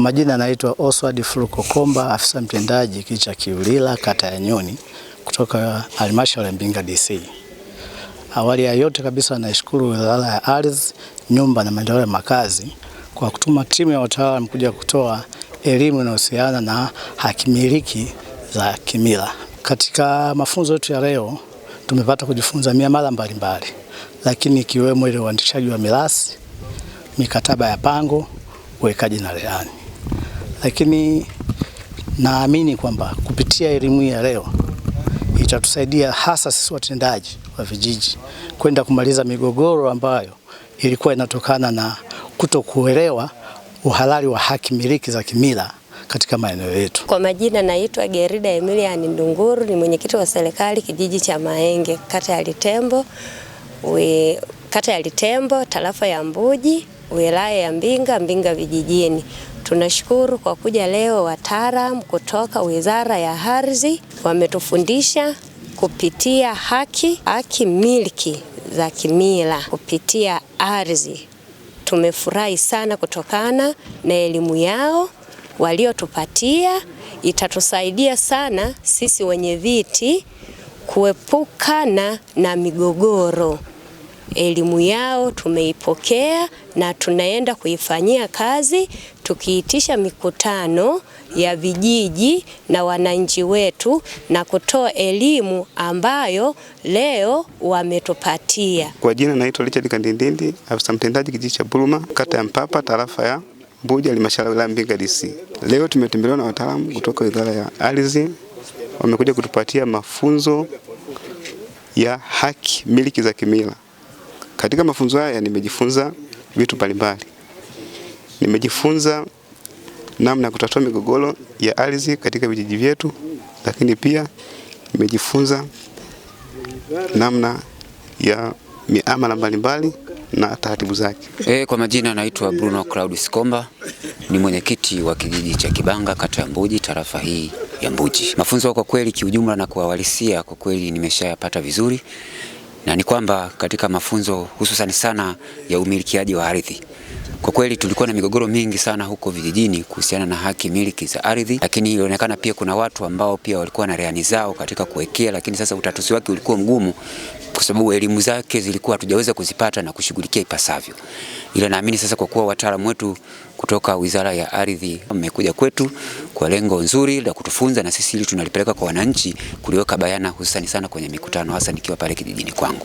Majina anaitwa Oswald frukokomba Komba, afisa mtendaji kijiji cha Kiulila kata ya Nyoni kutoka halmashauri ya Mbinga DC. Awali ya yote kabisa, naishukuru Wizara ya Ardhi, Nyumba na Maendeleo ya Makazi kwa kutuma timu ya wataalamu kuja kutoa elimu inayohusiana na hakimiliki za kimila. Katika mafunzo yetu ya leo tumepata kujifunza miamala mbalimbali, lakini ikiwemo ile uandishaji wa mirasi, mikataba ya pango, uwekaji na leani lakini naamini kwamba kupitia elimu hii ya leo itatusaidia hasa sisi watendaji wa vijiji kwenda kumaliza migogoro ambayo ilikuwa inatokana na kutokuelewa uhalali wa haki miliki za kimila katika maeneo yetu. Kwa majina naitwa Gerida Emilia Ndunguru, ni mwenyekiti wa serikali kijiji cha Maenge, kata ya Litembo, kata ya Litembo, tarafa ya Mbuji wilaya ya Mbinga, Mbinga vijijini. Tunashukuru kwa kuja leo, wataalamu kutoka Wizara ya Ardhi wametufundisha kupitia haki haki miliki za kimila kupitia ardhi. Tumefurahi sana kutokana na elimu yao waliotupatia, itatusaidia sana sisi wenye viti kuepukana na migogoro. Elimu yao tumeipokea na tunaenda kuifanyia kazi, tukiitisha mikutano ya vijiji na wananchi wetu na kutoa elimu ambayo leo wametupatia. Kwa jina naitwa Richard Kandindindi, afisa mtendaji kijiji cha buruma kata ya Mpapa, tarafa ya Mbuja, halmashauri ya wilaya Mbinga DC. Leo tumetembelewa na wataalamu kutoka Wizara ya Ardhi, wamekuja kutupatia mafunzo ya haki miliki za kimila. Katika mafunzo haya nimejifunza vitu mbalimbali. Nimejifunza namna ya kutatua migogoro ya ardhi katika vijiji vyetu, lakini pia nimejifunza namna ya miamala mbalimbali na taratibu zake. E, kwa majina naitwa Bruno Claudius Komba, ni mwenyekiti wa kijiji cha Kibanga, kata ya Mbuji, tarafa hii ya Mbuji. Mafunzo kwa kweli kiujumla na kuwawalisia, kwa kweli nimeshayapata vizuri na ni kwamba katika mafunzo hususani sana ya umilikiaji wa ardhi kwa kweli tulikuwa na migogoro mingi sana huko vijijini kuhusiana na haki miliki za ardhi, lakini ilionekana pia kuna watu ambao pia walikuwa na rehani zao katika kuwekea, lakini sasa utatuzi wake ulikuwa mgumu kwa sababu elimu zake zilikuwa hatujaweza kuzipata na kushughulikia ipasavyo. Ila naamini sasa kwa kuwa wataalamu wetu kutoka Wizara ya Ardhi wamekuja kwetu kwa lengo nzuri la kutufunza, na sisi ili tunalipeleka kwa wananchi kuliweka bayana, hususani sana kwenye mikutano, hasa nikiwa pale kijijini kwangu.